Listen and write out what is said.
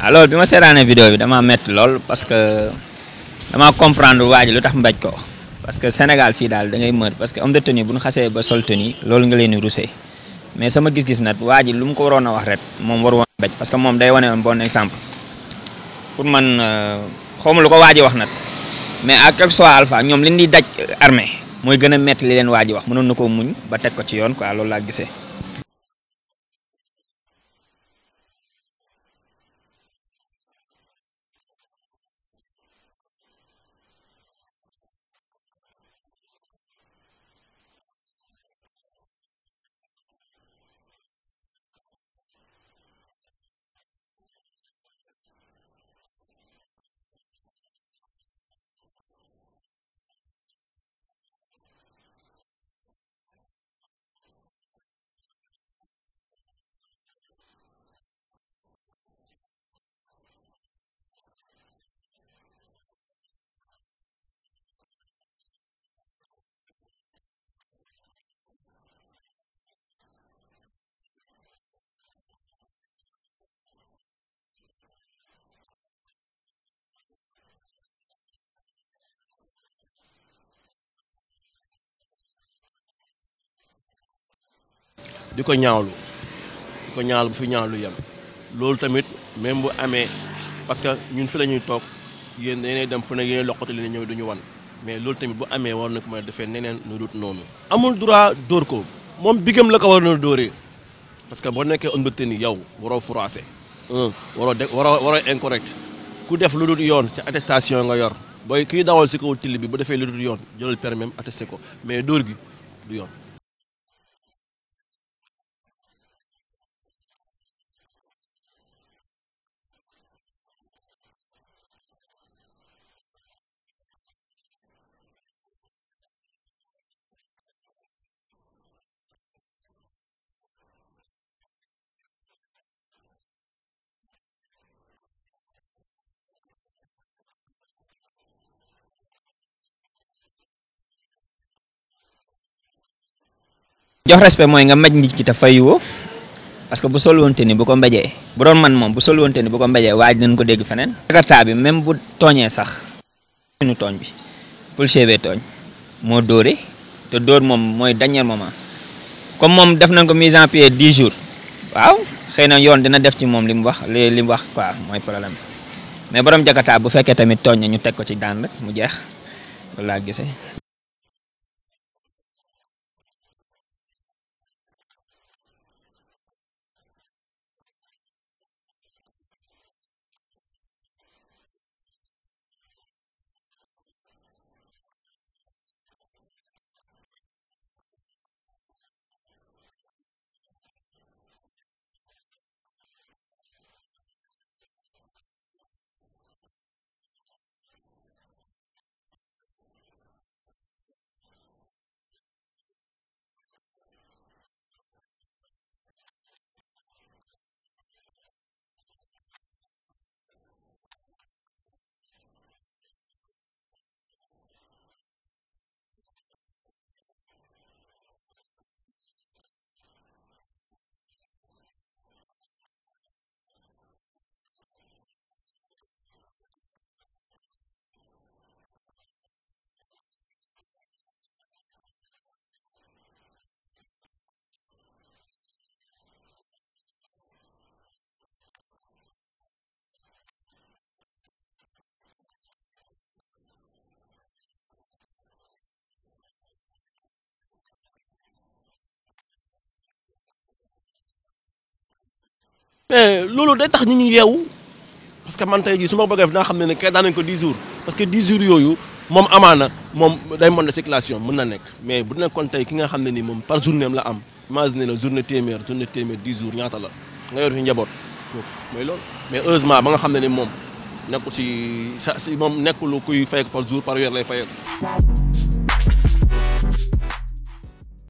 allo bima serane video bi dama met lol parce que dama comprendre waa lutax mbaj ko parce que Sénégal fi dal da ngay meur parce que homme de tenue buñ xasse ba sol tenue lol nga leni di mais sama gis-gis nat waji lum ko worona wax ret mom war won mbaj parce que mom day woné un bon exemple pour man xawma eh, lu ko waa wax nat mais à quelque soit alpha ñom li di daj eh, armée moy gëna met li len waa wax mënon nako muñ ba tek ko ci yoon quoi lol la gisee di ko ñaawlu di ko ñaawlu bu fi ñaawlu yem loolu tamit même bu amee parce que ñun fi la ñuy toog yéen dañuy dem fu ne yéen loqatu li ñëw duñu wan mais loolu tamit bu amee war na ko mën defee neneen nu dut noonu. amul droit dóor ko moom bigam la ko war na dóoree parce que boo nekkee homme de tenue yow waroo froissé waroo de waroo waroo incorrect ku def lu dul yoon ci attestation nga yor booy kiy dawal si kaw till bi bu defee lu dul yoon jëlal permis attesté ko mais dóor gi du yoon. jox respect mooy nga maj nit ki te fayuwoo parce que bu sol woonte ni bu ko mbéjee bu doon man moom bu sol woonte ni bu ko mbéjee waaj nañ ko dégg feneen jakarta bi même bu tooñee sax suñu tooñ bi policier bee tooñ moo dóore te dóor moom mooy dernier moment comme moom def nañ ko mise en pied 10 jours waaw xëy na yoon dina def ci moom li mu wax li li mu wax quoi mooy problème mais borom jakarta bu fekkee tamit tooñ na ñu teg ko ci daan rek mu jeex loolu laa gisee mais eh, loolu day tax ñu ñu yeewu parce que man tey jii su bëggee dinaa xam ne ne kay daan nañ ko 10 jours parce que 10 jours yooyu moom amaana moom day mën na circulation mën na nekk mais bu nekkoon tey ki nga xam ne ni moom par journée am la am imagine la journée téeméer journée téeméer 10 jours ñaata la nga yor fi njaboot mooy loolu mais heureusement ba nga xam ne ni moom nekkul si sa si moom nekkul kuy fay par jour par weer lay fayal.